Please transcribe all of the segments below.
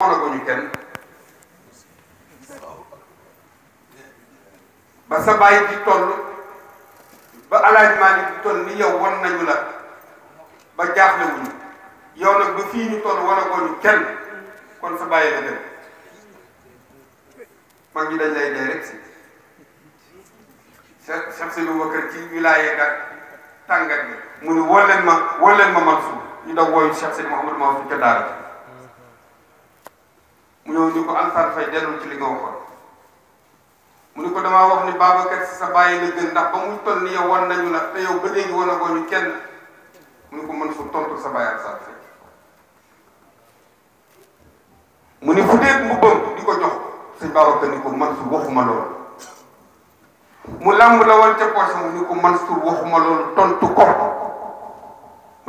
xoolaguñu kenn ba sa bàyyi di toll ba alaajmaa ni di toll ni yow wan nañu la ba jaaxlewuñu yow nag ba fii ñu toll wanaguñu kenn kon sa bàyyi la dem mag ñi dañ lay dee rek si Cheikh Cheikh Seydou Bakar ci wilaaye ga tàngat bi mu ne woo leen ma woo ma Mansour ñu daw wooyu Cheikh Seydou Mouhamadou Mansour ca daara mu ñëw ñu ko Ansar Fay delul ci li nga waxoon mu ni ko dama wax ni kan? baba kat sa bàyyi la gën ndax ba mu toll ni yow won nañu la te yow ba léegi wona ko ñu kenn mu ko mën fu tontu sa bàyyi Ansar Fay mu fu dee mbubbam di ko jox sëñ kat ni ko man su waxuma lool mu lamb la won ca poche mu ni ko Mansour waxuma lool tontu ko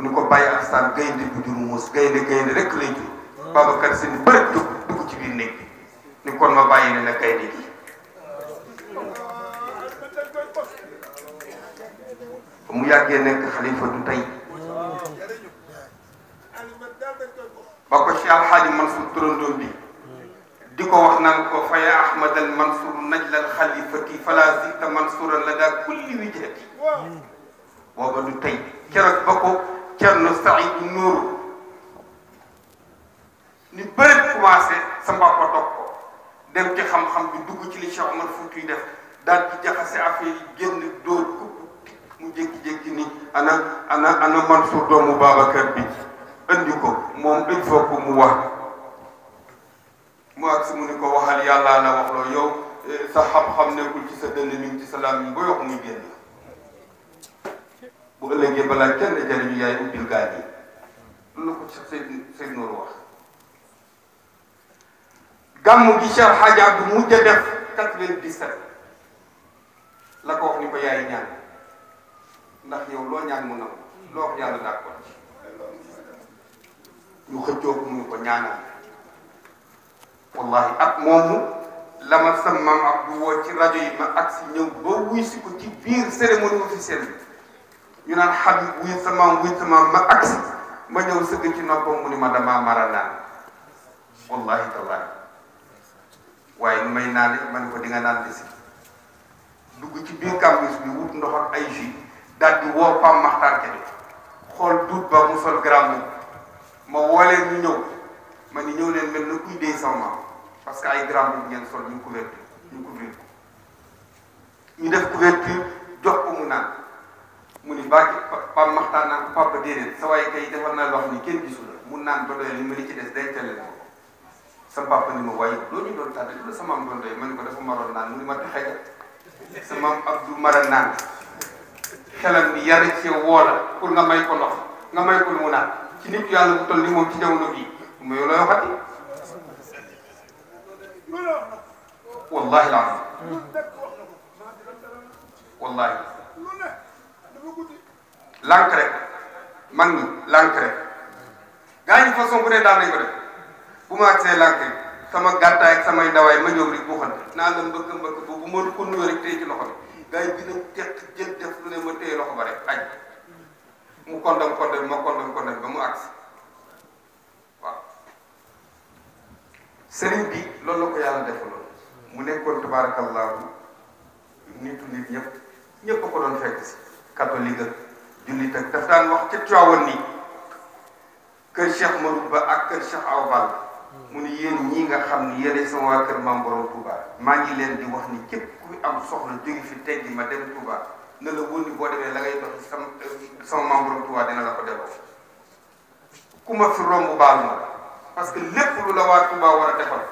mu ko bàyyi gaynde bu jur muus gaynde gaynde rek lay jur dugg ci biir néeg bi ni kon ma bàyyi leen ak gaynde gi ba mu yàggee nekk xalifa du tey ba ko ci alxaaji Mansour turandoom bi di ko wax naan ko fa ya ahmad al mansour najla al xalifati fala zita mansuran la daa kulli wijhati booba du tey keroog ba ko cerno saïd nuuru ni bëri commencé sa papa dog ko dem ci xam-xam bi dugg ci li Cheikh Omar Fouti def daal di jaxase affaire yi génn dóor kupp mu jékki-jékki ni ana ana ana Mansour doomu Babacar bi andi ko moom il faut que mu wax mu ak mu ni ko waxal yàllaa la wax loo yow eh, sa xam-xam nekkul ci sa dënn mi ngi ci sa laam yi ba yox muy génn bu ëllëgee balaa kenn jariñu yaay ubbil gaa yi loolu ko Seydou Seydou Nourou wax gàmmu gi Cheikh Hadj Abdou mujj a def 97 la ko wax ni ko yaay ñaan ndax yow loo ñaan mu nangu loo wax yàlla d'accord ñu xëccoo ko mu ko ñaanal wallahi ak moomu la ma sama maam Abdou woo ci rajo yi ma ak si ñëw ba wuy si ko ci biir cérémonie officielle bi ñu naan Habib wuy sama wuy sama ma ak si ma ñëw sëgg ci noppam mu ni ma damaa mara naan wallahi tallahi waaye may naane ma man ko di nga naan lisi dugg ci biir campus bi wut ndox ay jus daal di woo Pam Maxtaar Kebe xool duut ba mu sol gramme moo woo leen ñu ñëw ma ni ñëw leen mel na kuy dee sama parce que ay gramme bu ngeen sol ñu couverture ñu couvrir ko ñu def couverture jox ko mu naan mu ni baa Pam Maxtaar naan ko papa déedéet sa waaye kay defal naa loo xam ni kenn gisu mu naan ba doyal li ma ci des dencal la sa papa ni ma waaye loolu ñu doon tànn loolu sa maam doon doy ma ne ko dafa maroon naan mu ma taxee kat sa maam Abdou naan xelam bi yar ci woo la pour nga may ko nga may ko lu mu naan ci nit yàlla bu toll ni moom ci jamono bii mu yow yoo xati wallahi la wallahi lànk man ñi lànk rek gaa bu ne daan nañ bu ma agsee lànk sama gàttaay ak samay ndawaay ma ñëw rek bu xon naa la mbëkk mbëkk boobu ma ko nuyoo rek téye ci loxo bi gars yi dina teq jël lu ne ma téye loxo ba rek aj mu kondam kondam ma ba mu agsi waaw sëriñ bi loolu la ko yàlla defaloon mu nekkoon tabaarakallaahu nitu nit ñëpp ñëpp ko doon fekk si catholique ak jullit daf daan wax ca Tiwaawan nii kër Cheikh Marouba ak kër Cheikh Awa Balla mu ne yéen ñii nga xam ni yéen sama waa kër maam borom Touba maa ngi leen di wax ni képp kuy am soxla jóge fi tey ma dem Touba na la wóor ni boo demee la ngay dox sama sama maam borom Touba dina la ko defoo ku fi romb baal ma parce que lépp lu la waa Touba war a defal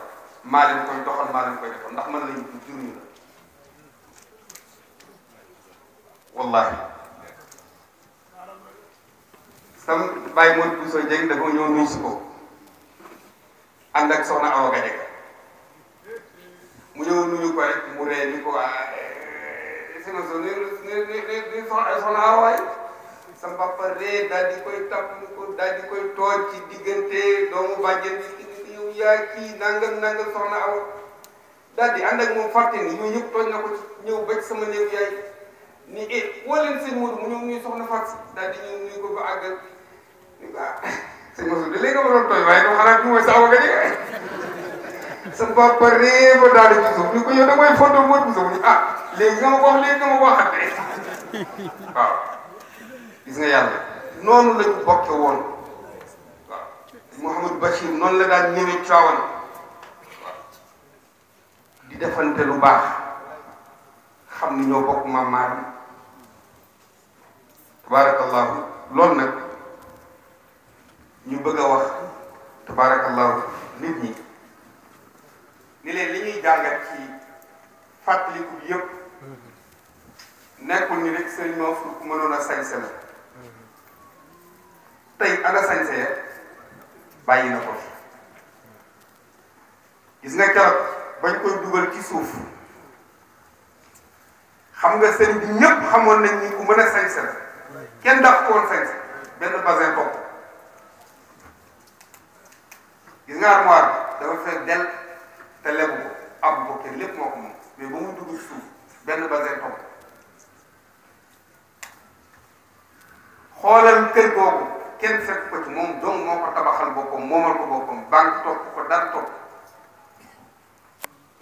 maa leen koy doxal maa leen koy defal ndax man lañ jur ñu la wallahi sam bàyyi mooy puso jëng dafa ñëw nuyu si ko ànd ak soxna Awa Gadiaga mu ñëw nuyu ko rek mu ree ni ko waa si na so ni soxna Awa waay sa papa ree koy tàpp mu ko daal koy tooj diggante doomu bàjjen ni yow yaa kii nangam soxna Awa daal di ànd ak moom fàtte ni ñooñu ñëpp tooj na ko ci ñëw sama néew yaay ni e woo leen seen mu ñëw ñuy soxna Fatou daal di ñëw nuyu ko ba ni ko ah, sëñ Masou da léegi nga mënoon tooy waaye xanaa bi mooy sax nga jege sa papa réew a daal ci suuf ni ko yow da ngay foto mot bu suuf ah léegi nga ma ko wax nga ma ko waxatee waaw nga yàlla noonu lañ bokke woon waaw Mouhamadou noonu la daan ñëwee caawan waaw di defante lu baax xam ñoo bokk maam maam tabaarakallahu loolu nag ñu bëgg a wax tabaarakallahu nit ñi ni leen li ñuy jàngat ci fàttaliku bi yëpp nekkul ni rek sëriñ Mansour ku mënoon a sañse la tey ana sañse ya bàyyi na ko gis nga keroog bañ koy dugal ci suuf xam nga sëriñ bi ñëpp xamoon nañ ni ku mën a sañse la kenn daf koon sañse benn basin bopp gis nga armoire bi dafa fekk del te lebu ko am ko kenn lépp moo ko moom mais ba mu dugg suuf benn basin tomb xoolal kër googu kenn fekk ko moom dong moo ko tabaxal boppam moomal ko boppam banque topp ko dara topp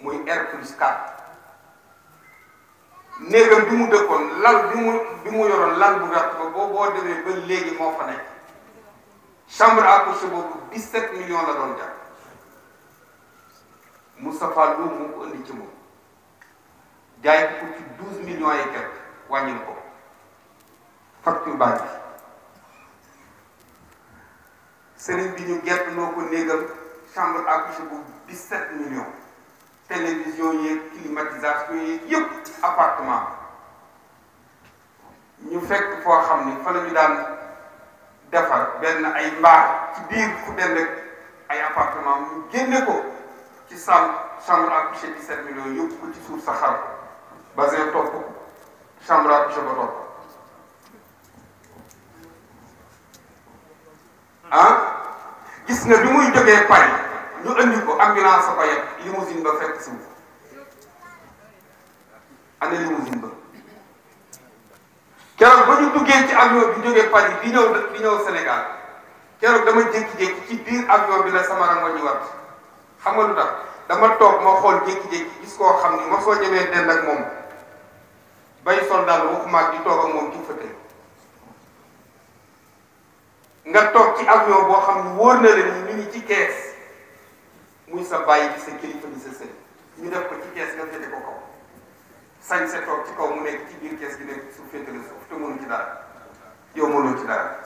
muy R plus 4 néegam bi mu dëkkoon lal bi mu bi mu yoroon lal bu gàtt ba boo boo demee ba léegi moo fa nekk chambre à coucher boobu 17 millions la doon jàpp Moustapha Lo moo ko indi ci moom jaay ko ci 12 millions et quelques wàññi ko facture baa sëriñ bi ñu gert noo ko néegam chambre à coucher boobu 17 millions télévision yeeg climatisation yeeg yëpp appartement ñu fekk foo xam ni fa la daan. defar benn ay mbaar biir fu dem ay appartement mu génne ko ci salle chambre à coucher 17 millions yóbbu ko ci suuf sa xar basé topp chambre à coucher ba topp ah gis nga bi muy jógee Paris ñu andi ambulance ba yegg limousine ba fekk suuf ana limousine ba keroog ba ñu duggee ci avion bi jógee Paris bi ñëw bi ñëw Sénégal keroog dama jékki-jékki ci biir avion bi la sama rango ñu wat xam nga lu tax dama toog ma xool jékki-jékki gis xam ni ma soo ñëwee nen ak moom bay soldat waxuma ak di toog ak moom ci fëtëy nga toog ci avion boo xam ne wóor na leen ñu ngi ci kees muy sa bàyyi bi sa kilifa bi sa sëriñ ñu def ko ci kees nga féete ko sañ se toog ci kaw mu nekk ci biir kes gi nekk suuf féetale suuf te mënu ci dara yow mënoo ci dara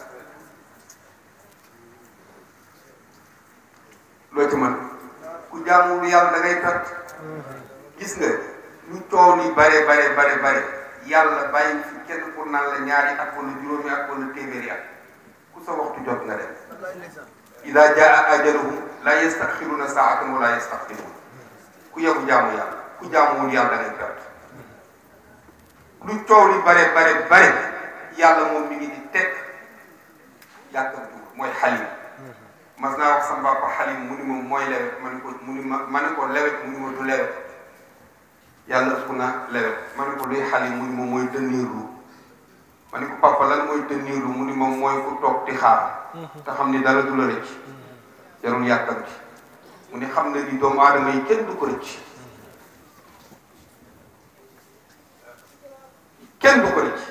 loo ci mën ku jaamuwul yàlla nga ñu tool yi bare bare bare yàlla bàyyi fi lu coow li bare bare bare yàlla moom mi ngi di teg yàkkamtu mooy xalim mas naa wax sama papa xalim mu ni ma mooy lewet ma ne lewet mu ni ma na lewet ma ko luy xalim mooy dënniirlu ma ne ko papa lan mooy dënniirlu mu ni ma mooy ku toog di xaar te xam ni dara du la rëcc jarul yàkkamti mu ni xam na ni doomu aadama yi kenn du ko rëcc kenn du ko rëcc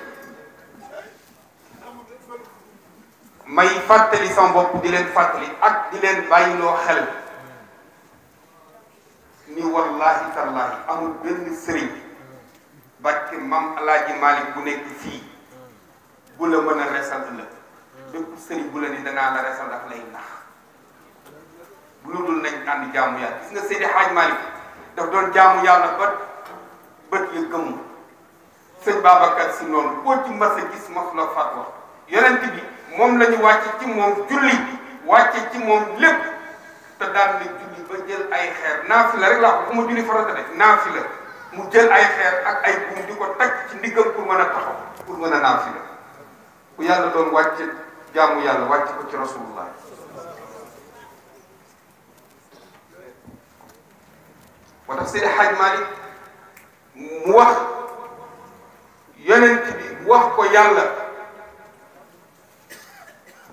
may fàttali sama bopp di leen fàttali ak di leen bàyyiloo xel ni wallahi tallahi amul benn sëriñ barke mam alaaji Malick bu nekk fii bu la mën a resal ëllëg bépp sëriñ bu la ni danaa la resal daf lay nax bu lu dul nañ ànd jaamu yàlla gis nga Seydi Hadj Malick daf doon jaamu yàlla bët yi gëmmu sëñ Babacar si noonu koo ci mas a gis mas la fatwa yonent bi moom lañu ñu wàcce ci moom julli wàcce ci moom lépp te daan na julli ba jël ay xeer naafila rek laa ko ma julli farata naafila mu jël ay xeer ak ay buum di ko takk ci ndiggam pour mën a taxaw pour mën a naafila ku yàlla doon wàcce jaamu yàlla wàcc ko ci rasulullah moo tax Seydi Hadj Malick mu wax yonent bi wax ko yàlla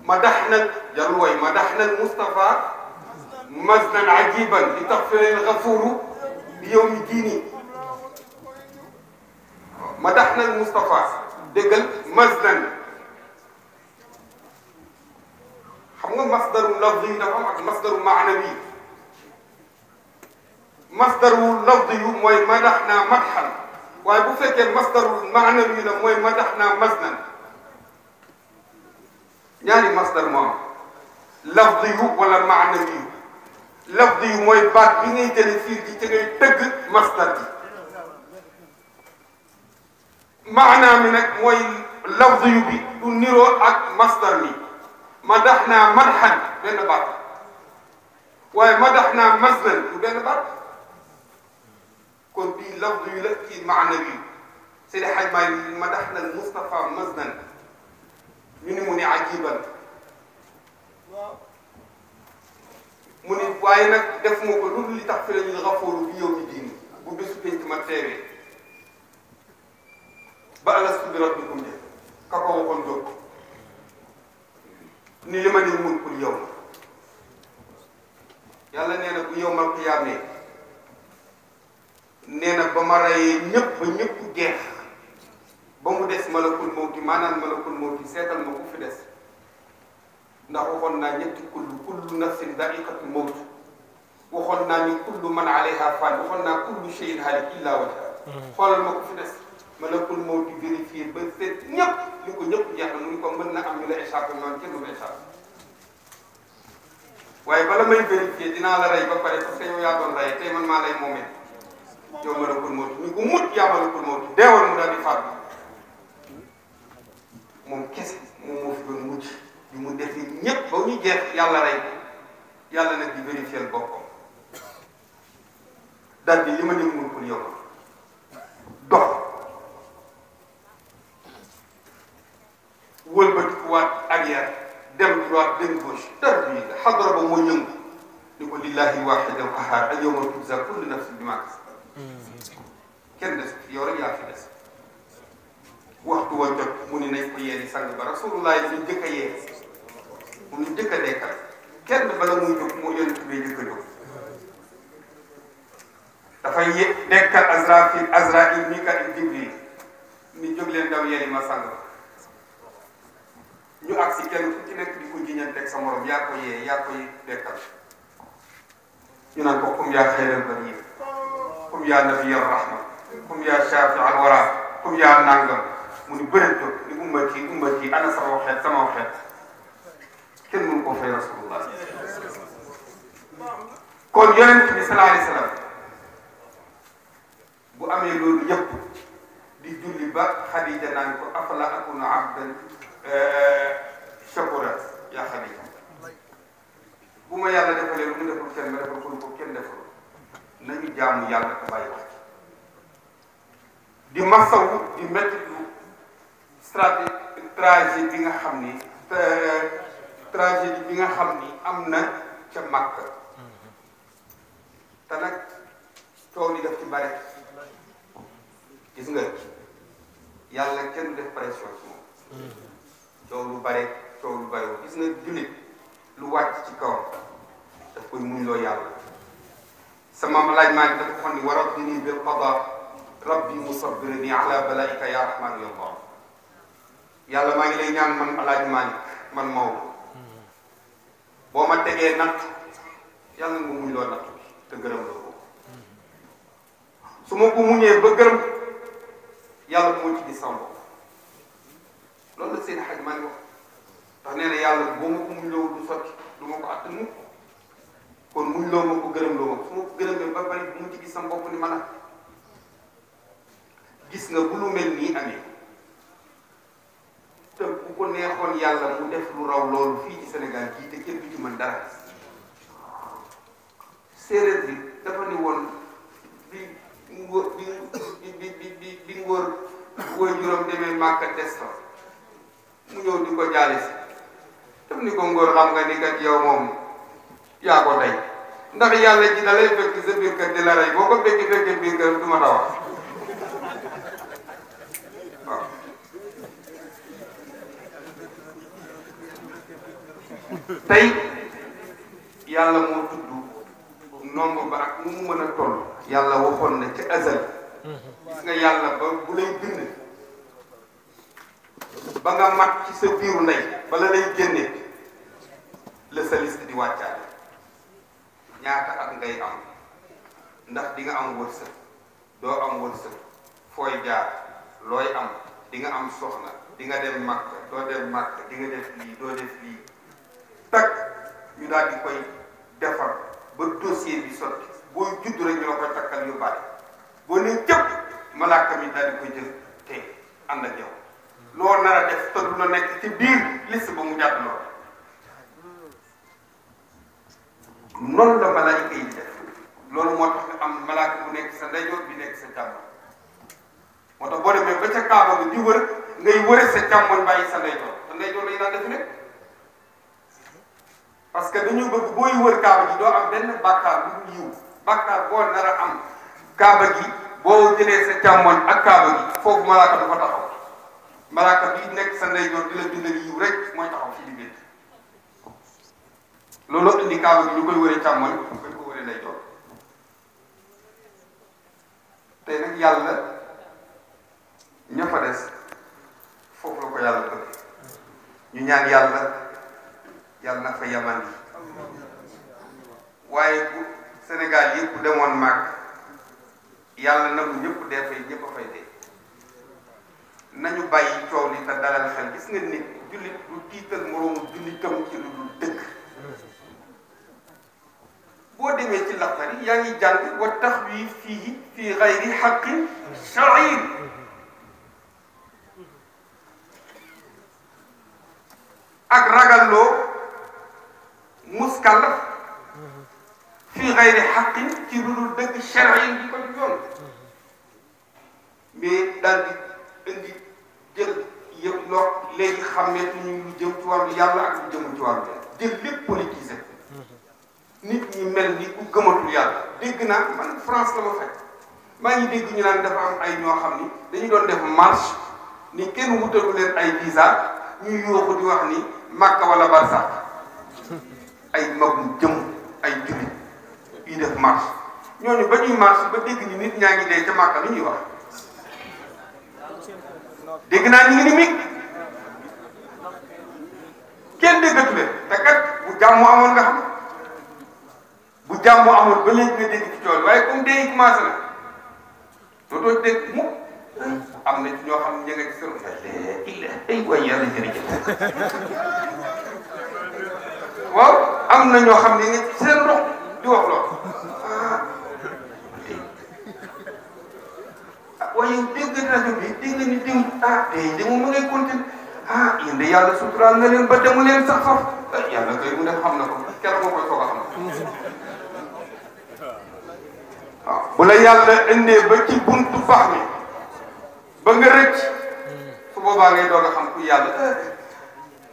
ma dax nag jarul way ma dax nag Moustapha maznan ajiban li tax fi leen xafuuru li yow mi diini ma dax nag Moustapha déggal maznan xam nga masdaru lafdi dafa am ak masdaru maanawi masdaru lafdi yu mooy madax naa madxan waaye bu fekkee masdarul maanawi la mooy madax naa masnan ñaari masdar moo am lafdi yu wala maanawi yu lafdi yu mooy baat bi ngay jële fiir bi ci ngay tëgg masdar bi maanaa mi nag mooy lafdi yu bi du niroo ak masdar mi madax naa madxan benn baat waaye madax naa masnan du benn baat kon bii lafd yu la ci maanawi sidi xaj maay madax na Moustapha masnan ñu ni mu ne ajiban mu ni waaye nag def moo ko loolu li tax fi la ñuy xafóoru bi yow mi diin bu bésu pénc ma teewee ba alastu bi rabbikum de ka ko waxoon dóog ni li ma ne mun pour yow yàlla nee na bu yow mal qiyaamee nee na ba ma reyee ñëpp ba ñëpp jeex ba mu des malakul mawti maanaam malakul mawti seetal ma ku fi des ndax waxoon naa ñetti kullu kullu nafsin daqiqatu mawt waxoon naa ni kullu man alayha fan waxoon naa kullu shay'in halik illa wajha hmm. xoolal ma ku fi des malakul mawti vérifié ba seet ñëpp li ko ñëpp jeex na mu ko mën na am ñu la échappé man kenn ma échappé waaye bala may vérifié dinaa la rey ba pare parce que yow rey tey man lay moomee yow malakul mawti ni ko mut yaa malakul mawti deewal mu daal di faatu moom kese moom moo fi doon mujj ñu mu def ni ñëpp ba ñu jeex yàlla rey ko yàlla nag di vérifier boppam daal di li ma dem mulkul yow dox wëlbatikuwaat arrière dem droit dem gauche dara du yëngu xadara ba moo yëngu ni ko lillahi waxidan qahar al yawma tujza kullu nafsin bi ma kenn des yow rek yaa fi des waxtu wa jot mu ni nañ ko yeeri sang ba rasulullah yi jëkk a yeer ñu jëkk a dekkal kenn bala muy jóg moo yonent bi jëkk a jóg dafay ye dekkal azrafil azrail mikail jibril ni jóg daw yeeri ma sang ñu ak kenn ku nekk di ko jiñanteeg sa morom yaa ko yee yaa koy dekkal ñu naan ko comme yaa xeeral ba قم يا نبي الرحمة قم يا شافع الورى قم يا نانغم من بريتو لأمتي أمتي أنا سروحت وحيد سما كن من قفة يا رسول الله كون يوم بي صلى الله عليه وسلم بو أمي لول يب دي جولي با خديجة نانكو أفلا أكون عبدا jaamu yàlla ko bàyyi wax di masawu di métti lu trajet bi nga xam ni trajet bi nga xam ni am na ca màkk te nag coow li daf ci bare gis nga yàlla kenn du def pression ci moom coow lu bare coow lu bare gis nga jullit lu wàcc ci kawam daf koy muñ loo yàlla ثم ملاك مالك تلفوني وردني بالقضاء ربي مصبرني على بلائك يا رحمن يا الله يا الله ما يلي نان نعم من ملاك مالك من مول بو ما تيجي نات نعم. يا الله مو ميلو نات نعم. تغرم لو سمو بو مو نيه بغرم يا الله مو تيجي سامو لولا سين حاج مالك تاني يا الله بو مو ميلو دوسك دوما باتمو kon muñ loo ma ko gërëm loo ma fu ma ko gërëmee ba pare bu mu ci gis sama bopp ni ma la gis nga bu lu mel nii amee te bu ko neexoon yàlla mu def lu raw loolu fii ci Sénégal gii te kenn du ci mën dara séeréer bi dafa ni woon bi ngóor bi bi bi bi ngóor wooy juróom demee Màkka des fa mu ñëw di ko jaale si tam ni ko ngóor xam nga ni kat yow moom yaa ko tey ndax yàlla ji da fekk sa biir kër di la rey boo ko fekki fekkee biir kër du ma la wax tey yàlla moo tudd nombre ba ak mu mën a toll yàlla waxoon na ca azal gis yàlla ba bu lay bind ba nga mat ci sa biiru ndey bala lay génne la sa liste di wàccaale ñaata at ngay am ndax di nga am wërsëg doo am wërsëg fooy jaar looy am di nga am soxna di nga dem màkk doo dem màkk di nga def lii doo def lii takk ñu daal di koy defar ba dossier bi sotti boo judd rek ñu la koy takkal yu bari boo ne jëpp malaaka mi daal di koy jël te ànd ak yow loo nar a def te du la nekk ci biir liste ba mu jàdd loolu noonu la malaayika yi def loolu moo tax nga am malaaka bu nekk sa ndeyjoor bi nekk sa càmmoñ moo tax boo demee ba ca kaaba bi di wër ngay wëre sa càmmoñ bàyyi sa ndeyjoor sa ndeyjoor def parce que dañu bëgg booy wër kaaba gi doo am a am kaaba gi bi nekk sa ndeyjoor dundal yiw rek mooy taxaw ci diggante loolu indi kaaba bi ñu koy wëree càmmoñ ñu koy ko wëree ndeyjoor tey nag yàlla ña fa des foofu la ko yàlla bëgg ñu ñaan yàlla yàlla na fa yaman yi waaye bu Sénégal yëpp demoon màgg yàlla nagu ñëpp dee fay ñëpp a fay dee nañu bàyyi coow li te dalal xel gis nga nit jullit du tiital moroomu jullitam ci lu dëkk boo demee ci laxdari yaa ngi jàng wa taxwi fii fii xayri xaqin sharir ak ragalloo muskallaf fii xayri xaqin ci lu dul dëgg sharir bi ko joon mais daal di indi jël yëpp loo léegi xàmmeetuñu lu jëm ci wàllu yàlla ak lu jëm ci wàllu jël lépp nit ñi mel ni ku gëmatul yàlla dégg naa man France la ma fekk maa ngi dégg ñu naan dafa am ay ñoo xam ni dañu doon def marche ni kenn wutalu leen ay visa ñuy yooxu di wax ni Makka wala Barsax ay magum jëm ay jullit yuy def marche ñooñu ba ñuy marche ba dégg ñi nit ñaa ngi dee ca Makka lu ñuy wax dégg naa ñu ngi ni mig kenn déggatu leen te kat jàmm amoon nga xam bu jàmm amul ba léegi nga dégg ci tool waaye comme dee yi na mu am na ñoo xam ne ñu ngi ci sori. il est il est yàlla jërëjëf waaw am na ñoo xam ne ñu ngi ci seen ndox di wax ah, bi dégg ni diw ah tey de mu ngay continuer ah yéen de yàlla suturaal na leen ba demu leen sax sax yàlla kay mu ne xam na ko keroog moo koy soog xam. bu la yàlla indee ba ci buntu bax mi ba nga rëcc su boobaa ngay doog xam ku yàlla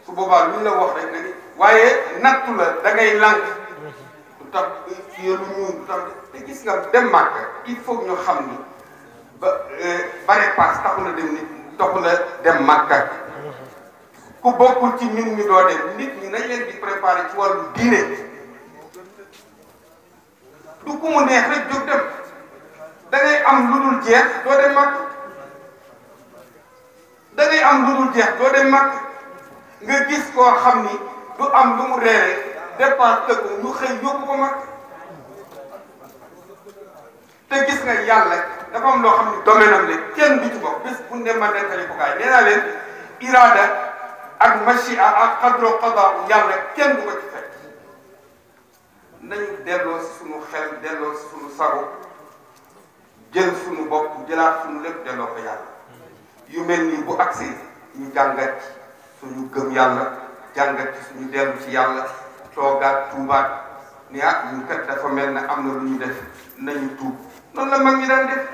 su boobaa la wax rek nga waaye nattu la da ngay lànk nga dem màkk il faut ñu xam ni ba euh, ku ci ñun ñu doo dem nit ñi nañ leen di préparé ci wàllu diine du ku mu neex rek jóg dem am lu dul jeex doo dem am lu dul jeex doo dem màkk nga gis koo xam ni du am lu mu reere dépense tëggu ñu xëy yóbbu ko màkk te gis nga yàlla dafa am loo xam ni domaine am la kenn du ci bokk bés ne ma nekkale ko kaay nee naa leen iraada ak machia ak xadro qadaa yàlla kenn du ko ci fekk nañu delloo si sunu xel delloo si sunu sago jël suñu bopp jëlaat suñu lépp delloo ko yàlla yu mel nii bu agsi ñu jàngat ci suñu gëm yàlla jàngat suñu dellu ci yàlla toogaat tuubaat ni ah ñu kat dafa mel ne am na lu ñu def nañu tuub noonu la mag ñi daan def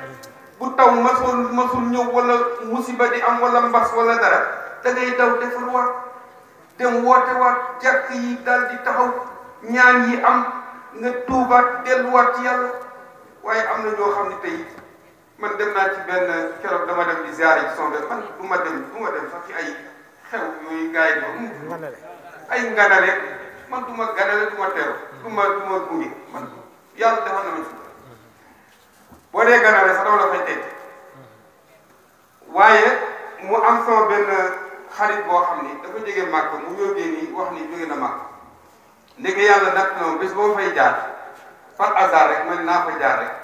bu taw masoon masul ñëw wala musiba di am wala mbas wala dara da ngay daw deful waat dem woote waat jàkk yi daal di taxaw ñaan yi am nga tuubaat delluwaat ci yàlla waaye am na ñoo xam ne tey man dem naa ci benn keroog dama dem di ziare ci sonde man du dem du dem sax ci ay xew yooyu gars yi doon ay man du ma ganale du ma teew du ma du ma gunge man yàlla defal na ma ci boo dee ganale fay teg waaye mu am sama benn xarit boo xam ni dafa jógee màkk mu yógee nii wax ni jóge na màkk ndeke yàlla nag moom bés boo fay jaar par hasard rek man naa fa jaar rek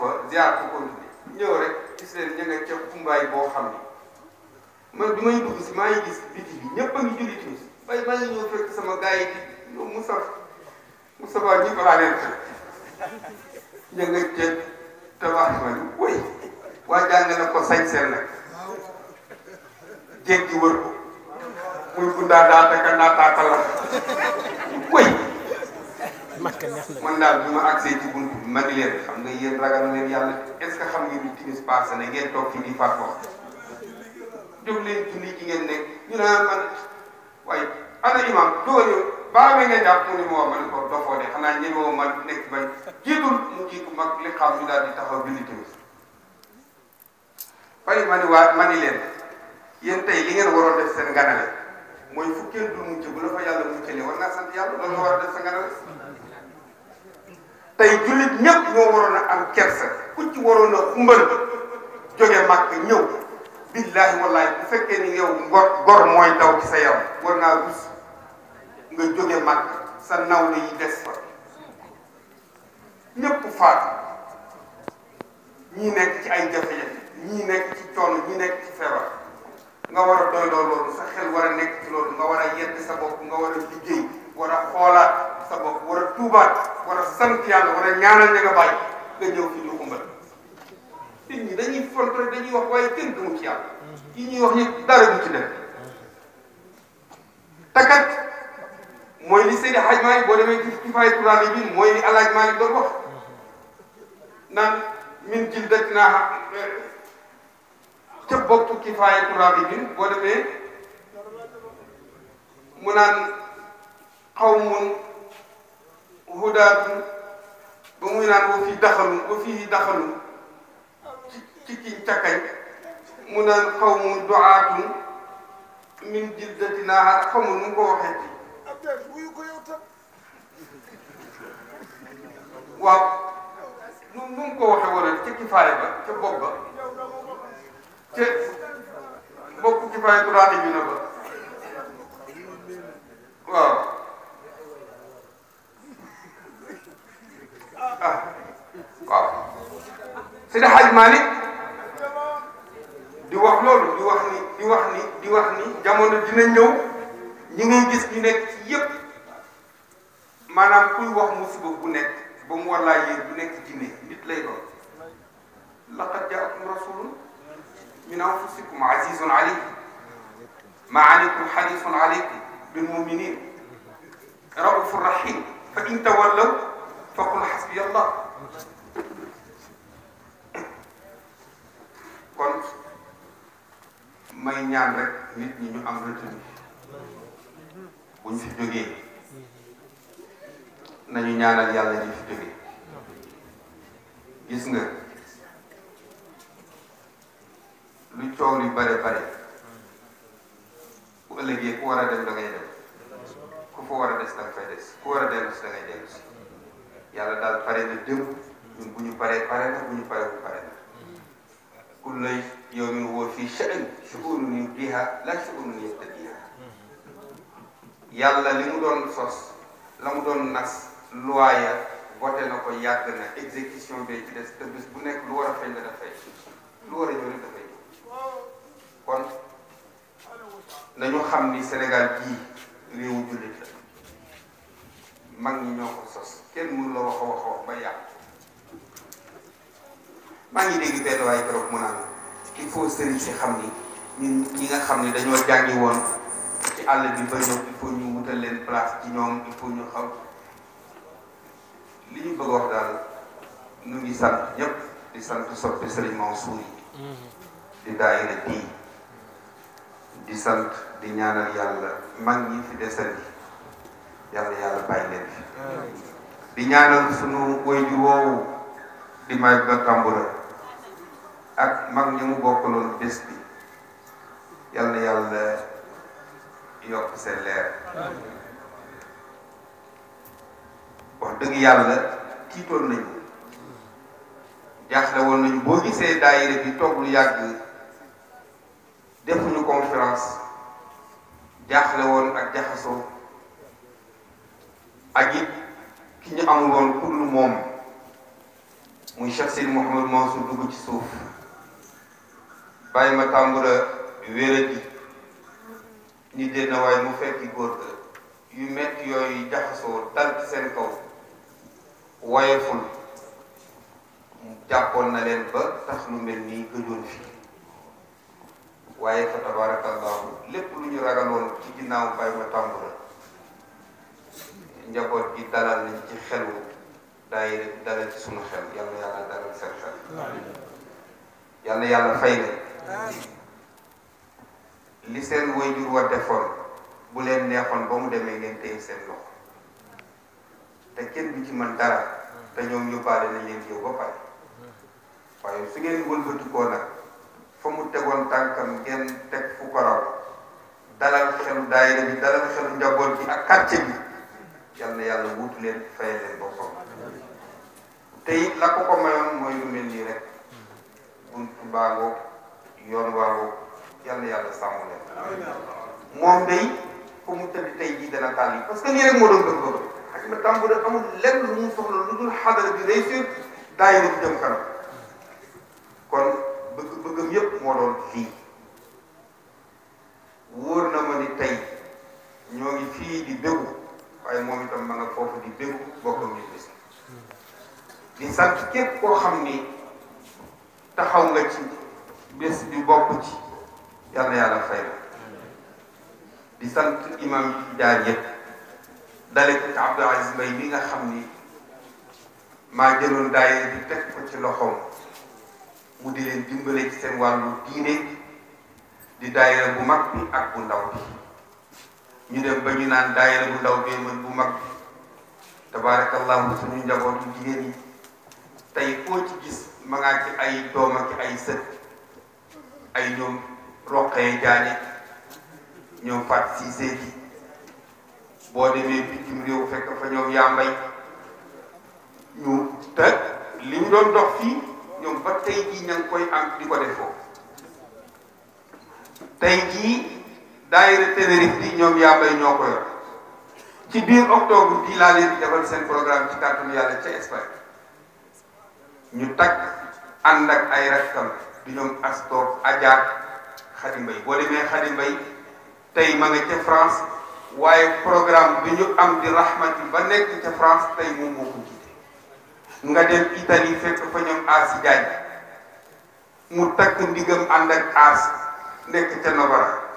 fa ziar ko continuer ñëw rek gis leen nga ca kumbaay boo xam ni man du may dugg si maa ngi gis biti bi ñëpp a ngi julli timis bay maa ngi ñëw fekk sama gars yi di nga ca tabax ma ni waa jàng na ko sañ seen nag jéeg gi wër muy bundaa daa taka naa taakala woy makka man daal bi ma agsee ci buntu bi leen xam nga yéen ragal leen yàlla est que xam ngeen ni timis passé na ngeen toog fii di fàttoo jóg leen julli ji ngeen nekk ñu naan ah, man waaye ana imam doo ñëw baa me nga jàpp mu nekk bañ jiitul mu jiitu mag li xam ñu daal di taxaw julli timis fay ma ni seen ganale mooy la war naa sant nga war a tey jullit ñëpp moo waroon a am kersa ku ci waroon a xumbal jóge màkk ñëw billaahi wallaahi bu fekkee ni yow ngor gor mooy daw sa yaram war naa rus nga jóge màkk sa nawle yi des fa ñëpp faatu ñii nekk ci ay jafe-jafe nekk ci coono ñii nekk ci feebar nga war a doy loolu ñaanal ña nga bàyyi nga ñëw fi ñu xumbal nit ñi dañuy font rek dañuy wax waaye kenn gëmu ci yàlla yi ñuy wax yëpp dara du ci nekk mooy li Seydi Hadj Malick boo demee ci ci fay Quraan mooy li El Hadj Malick doon naan min jildatinaa ca bokk ci fay Quraan bi boo demee mu naan xawmun hudaatun ba muy naan boo fii daxalu boo fii daxalu ci ci cakkañ mu naan xaw mu duaatun min jildatina xamul ko waxee ci waaw nu mu ko waxee wala ca kifaaya ba ba ca bopp kifaaya bu raate ñu na ba waaw ah waaw Seydi Hadj Malick di wax loolu di wax ni di wax ni di wax ni jamono dina ñëw ñi ngay gis ñu nekk ci yépp maanaam kuy wax musiba bu nekk ba mu war laa yéen bu nekk jinne nit lay doon laqad jaakum rasulun min anfusikum azizun alaykum ma anittum harisun alaykum bil muminin raufur rahim fa in tawallaw faqul xasbiya allah kon may ñaan rek nit ñi ñu am retenu buñ fi jógee nañu ñaanal yàlla ñu fi jógee gis nga lu coow li bare bare bu ëllëgee ku war a dem da ngay ku fa war a des da nga fay des war a dellu si da yàlla daal pare na démb bu ñu paree pare na bu ñu paree bu pare na kulla yawmin huwa fii sha'nin shu'uunun yubdiihaa laa shu'uunun yabtadiihaa yàlla li mu doon sos la mu doon nas luwaaya voté na ko yàgg na exécution bee ci des te bu nekk lu war a feeñ la dafay lu war a ñëw dafay kon nañu xam ni Sénégal gii réewu jullit la mag ñi ñoo sos kenn mënu la wax wax wax ba yàq maa ngi dégg benn waaye trop mu naan il faut sëriñ si xam ni ñun ñi nga xam ni dañoo jàngi ci àll bi ba ñoom il faut ñu wutal leen place ci ñoom il faut ñu xam li ñu bëgg daal ñu ngi sant ñëpp di sant soppi sëriñ Mansour yi mm-hmm. di daayira bii di sant di ñaanal yàlla mag ñi fi desandi yàlla yàlla bàyyi leen di ñaanal sunu waajur woowu di may ba kambura ak mag ñi mu bokkaloon bés bi yàlla yàlla yokk seen leer wax dëgg yàlla tiitoon nañu jaaxle woon nañu boo gisee daayira bi toog lu yàgg defuñu conférence jaaxle woon ak jaxasoo ak it ki ñu amul woon ku dul moom muy Cheikh Sidi Mouhamadou Mansour dugg ci suuf bàyyi ma tàmbura wéerat ji ni dén na waaye mu fekki góor yu metti yooyu jaxasoo dal ci seen kaw wayeful jàppoon na leen ba tax lu mel nii gëjoon fi waaye fa tabarakallahu lépp lu ñu ragaloon ci ginnaaw bàyyi ma tàmbura njaboot bi dalal nañ ci xelu daayira dalal ci sunu xel yal na yàlla dalal seen xel yal yàlla fay leen li seen waajur wa defoon bu leen neexoon ba mu demee ngeen téye seen loxo te kenn du ci mën dara te ñoom nañ leen yow ba pare waaye su ngeen wëlbatikoo nag fa mu tegoon tànkam ngeen teg fu ko raw dalal xelu daayira bi dalal xelu njaboot gi ak quartier bi yal yàlla wuutu leen fayal leen boppam te la ko ko mayoon mooy lu mel nii rek buntu baagoo yoon waagoo yal yàlla sàmm leen moom day fu mu tëdd tey jii dana tàll yi parce que nii rek moo doon dëgg bëgg moo doon lii wóor na ma ni tey ñoo ngi fii di bégu waaye moom itam ma nga foofu di déglu bokkam ñu gis di sant képp koo xam ni taxaw nga ci bés bi bokk ci yàlla na yàlla fay la di sant imam yi ci jaar yëpp dale ko ci Abdou Aziz Mbaye bi nga xam ni maa jëloon daayee di teg ko ci loxoom mu di leen dimbale ci seen wàllu diine di daayira bu mag bi ak bu ndaw bi ñu dem ba ñu naan daayira bu ndaw bee mën bu mag tabaarakallahu suñu njabootu jigéen yi tey koo ci gis ma ci ay doom ak ay sët ay ñoom roqee jaane ñoom fat si seegi boo demee bitim réew fekk fa ñoom yaa ñu te li ñu doon dox fii ñoom ba tey jii ña koy am di ko defoo tey jii daayira Témérite bi ñoom yaa bay ñoo ko yor ci biir octobre bii laa leen di defal seen programme ci kàttanu yàlla ca Espagne ñu takk ànd ak ay rakkam di ñoom Astor ajak Khady Mbaye boo demee Khady Mbaye tey ma nga ca France waaye programme bi ñu am di rahmati ba nekk ca France tey moom moo ko jiite nga dem Italie fekk fa ñoom Asi Diagne mu takk ndigam ànd ak As nekk ca Novara.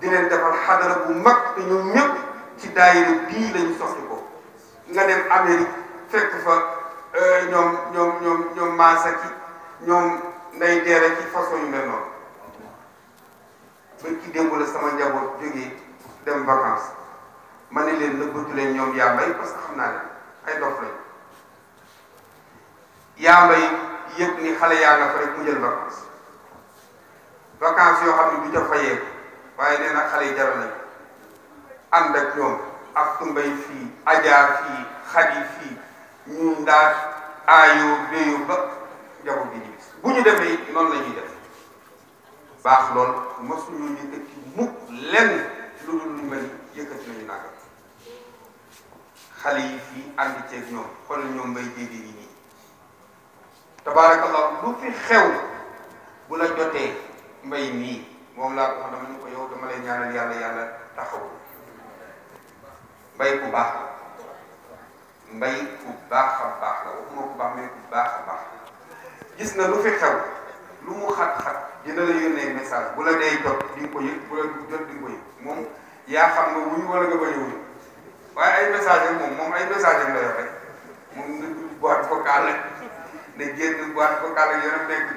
di leen defal xadara bu mag te ñoom ñëpp ci daayira bii lañu soxli ko nga dem Amérique fekk fa euh, ñoom ñoom ñoom ñoom maasaki ñoom nday deere ci façon yu mel noonu ba ci démb sama njaboot jógee dem vacances ma ne leen nëbbatu leen ñoom yaa mbay parce que xam naa leen ay dof lañ yaa mbay yëpp ni xale yaa nga fa rek mu jël yoo xam ne du ca fayeeku waaye nee na xale yi jaral nañ ànd ak ñoom ak tumbay fii ajaa fii xadi fii ñu ndaar aayoo béyoo ba njaboot bi di gis bu ñu demee noonu la ñuy def baax lool mosuñu yëkkati mukk lenn lu dul lu mel ni yëkkati nañu naaga xale yi fii ànd ceeg ñoom xool ñoom bay jéegi yi nii tabaarakallah lu fi xew bu la jotee mbay nii moom laa ko wax dama ne ko yow dama lay ñaanal yàlla yàlla taxaw mbay ku baax la mbay ku baax a baax la waxuma ku baax gis na lu xew lu mu xat-xat dina la yónnee message bu la dee jot di ko yëg bu jot di ko yëg moom yaa xam nga wuyu wala nga bañ a wuyu waaye ay message ak moom moom ay message am la yor rek moom nga dugg boîte vocale ne génn boîte vocale ak yoonam nekk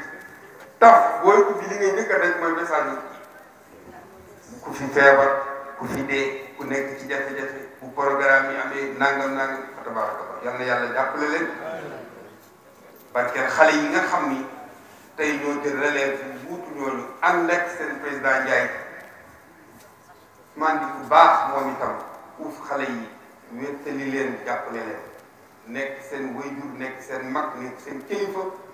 taf booy ubbi li ngay njëkk def mooy message ku fi feebar ku fi dee ku nekk ci jafe-jafe ku programme yi amee nangam nangam fa tabaaraka yal na yàlla jàppale leen que xale yi nga xam ni tey ñoo jël relève bu wuutu ñooñu ànd ak seen président Ndiaye man di ku baax moom itam uuf xale yi wéttali leen jàppale leen nekk seen wayjur nekk seen mag nekk seen kilifa.